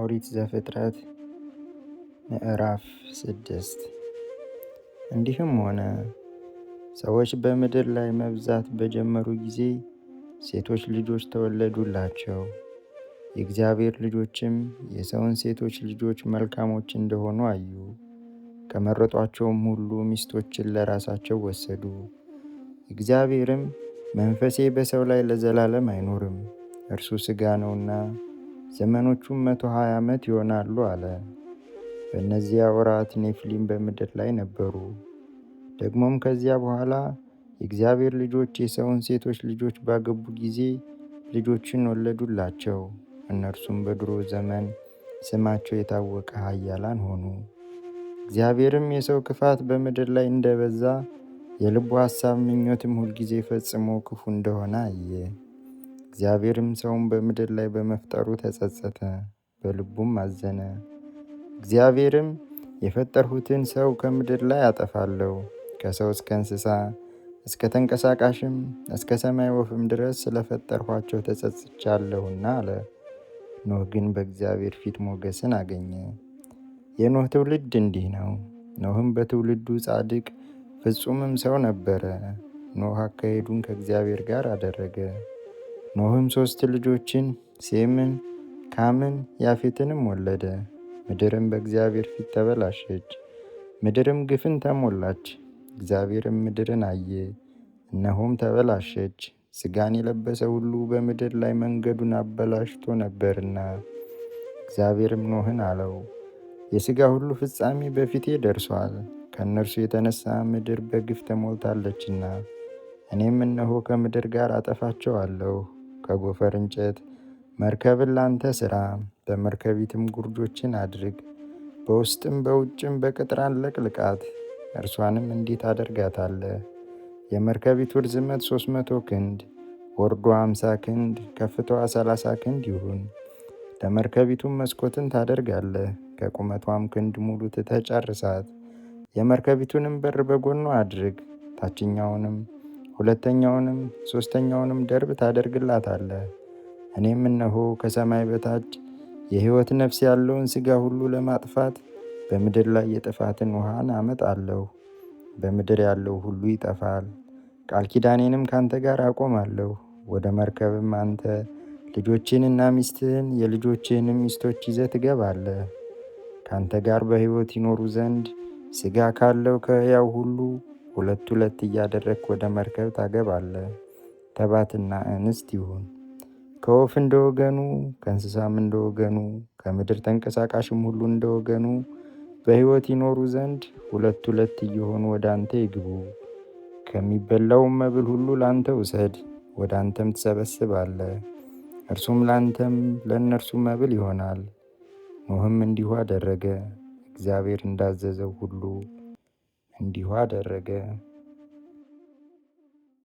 ኦሪት ዘፍጥረት ምዕራፍ ስድስት እንዲህም ሆነ ሰዎች በምድር ላይ መብዛት በጀመሩ ጊዜ ሴቶች ልጆች ተወለዱላቸው። የእግዚአብሔር ልጆችም የሰውን ሴቶች ልጆች መልካሞች እንደሆኑ አዩ። ከመረጧቸውም ሁሉ ሚስቶችን ለራሳቸው ወሰዱ። እግዚአብሔርም መንፈሴ በሰው ላይ ለዘላለም አይኖርም፣ እርሱ ሥጋ ነውና ዘመኖቹም መቶ ሀያ ዓመት ይሆናሉ አለ። በእነዚያ ወራት ኔፍሊም በምድር ላይ ነበሩ። ደግሞም ከዚያ በኋላ የእግዚአብሔር ልጆች የሰውን ሴቶች ልጆች ባገቡ ጊዜ ልጆችን ወለዱላቸው። እነርሱም በድሮ ዘመን ስማቸው የታወቀ ኃያላን ሆኑ። እግዚአብሔርም የሰው ክፋት በምድር ላይ እንደበዛ የልቡ ሐሳብ ምኞትም ሁልጊዜ ፈጽሞ ክፉ እንደሆነ አየ። እግዚአብሔርም ሰውን በምድር ላይ በመፍጠሩ ተጸጸተ፣ በልቡም አዘነ። እግዚአብሔርም የፈጠርሁትን ሰው ከምድር ላይ አጠፋለሁ፣ ከሰው እስከ እንስሳ እስከ ተንቀሳቃሽም እስከ ሰማይ ወፍም ድረስ ስለፈጠርኋቸው ተጸጽቻለሁና አለ። ኖህ ግን በእግዚአብሔር ፊት ሞገስን አገኘ። የኖህ ትውልድ እንዲህ ነው። ኖህም በትውልዱ ጻድቅ ፍጹምም ሰው ነበረ። ኖህ አካሄዱን ከእግዚአብሔር ጋር አደረገ። ኖህም ሦስት ልጆችን ሴምን፣ ካምን፣ ያፌትንም ወለደ። ምድርም በእግዚአብሔር ፊት ተበላሸች፣ ምድርም ግፍን ተሞላች። እግዚአብሔርም ምድርን አየ፣ እነሆም ተበላሸች፣ ሥጋን የለበሰ ሁሉ በምድር ላይ መንገዱን አበላሽቶ ነበርና። እግዚአብሔርም ኖህን አለው፣ የሥጋ ሁሉ ፍጻሜ በፊቴ ደርሷል፣ ከእነርሱ የተነሳ ምድር በግፍ ተሞልታለችና እኔም እነሆ ከምድር ጋር አጠፋቸዋለሁ ከጎፈር እንጨት መርከብን ላንተ ሥራ። በመርከቢትም ጉርጆችን አድርግ፣ በውስጥም በውጭም በቅጥራን ለቅልቃት እርሷንም እንዴት ታደርጋታለህ። የመርከቢቱ ርዝመት ሦስት መቶ ክንድ ወርዶ አምሳ ክንድ ከፍታዋ ሰላሳ ክንድ ይሁን። ለመርከቢቱም መስኮትን ታደርጋለህ፣ ከቁመቷም ክንድ ሙሉ ትተህ ጨርሳት። የመርከቢቱንም በር በጎኗ አድርግ ታችኛውንም ሁለተኛውንም ሦስተኛውንም ደርብ ታደርግላታለህ። እኔም እነሆ ከሰማይ በታች የሕይወት ነፍስ ያለውን ሥጋ ሁሉ ለማጥፋት በምድር ላይ የጥፋትን ውሃን አመጣለሁ። በምድር ያለው ሁሉ ይጠፋል። ቃል ኪዳኔንም ካንተ ጋር አቆማለሁ። ወደ መርከብም አንተ ልጆችህንና ሚስትህን የልጆችህንም ሚስቶች ይዘህ ትገባለህ። ካንተ ጋር በሕይወት ይኖሩ ዘንድ ሥጋ ካለው ከሕያው ሁሉ ሁለት ሁለት እያደረግክ ወደ መርከብ ታገባለ። ተባትና እንስት ይሁን። ከወፍ እንደ ወገኑ፣ ከእንስሳም እንደ ወገኑ፣ ከምድር ተንቀሳቃሽም ሁሉ እንደ ወገኑ በሕይወት ይኖሩ ዘንድ ሁለት ሁለት እየሆኑ ወደ አንተ ይግቡ። ከሚበላውም መብል ሁሉ ለአንተ ውሰድ፣ ወደ አንተም ትሰበስባለህ፣ እርሱም ለአንተም ለእነርሱ መብል ይሆናል። ኖህም እንዲሁ አደረገ፣ እግዚአብሔር እንዳዘዘው ሁሉ እንዲሁ አደረገ።